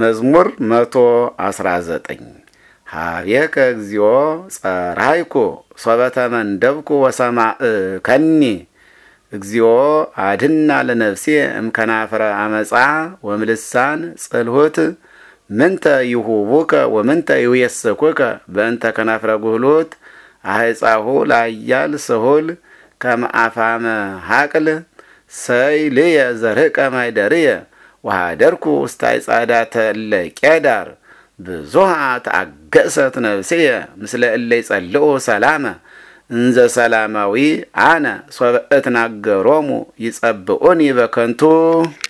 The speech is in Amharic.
መዝሙር መቶ አስራ ዘጠኝ ሀቤከ እግዚኦ ጸራይኩ ሶበተመንደብኩ ከኒ እግዚኦ አድና ለነፍሴ እምከናፍረ አመፃ ወምልሳን ጽልሁት ምንተ ይሁቡከ ወምንተ ይውየስኩከ በእንተ ከናፍረ ጉህሎት አህፃሁ ላያል ስሁል ከመአፋመ ሀቅል ሰይ ልየ ዘርህቀ ማይደርየ ወሃደርኩ ውስታይ ጻዕዳተ እለ ቄዳር ብዙሃ ተአገእሰት ነፍስየ ምስለ እለይ ጸልኡ ሰላመ እንዘ ሰላማዊ አነ ሶበ ናገሮሙ ይጸብኡኒ በከንቱ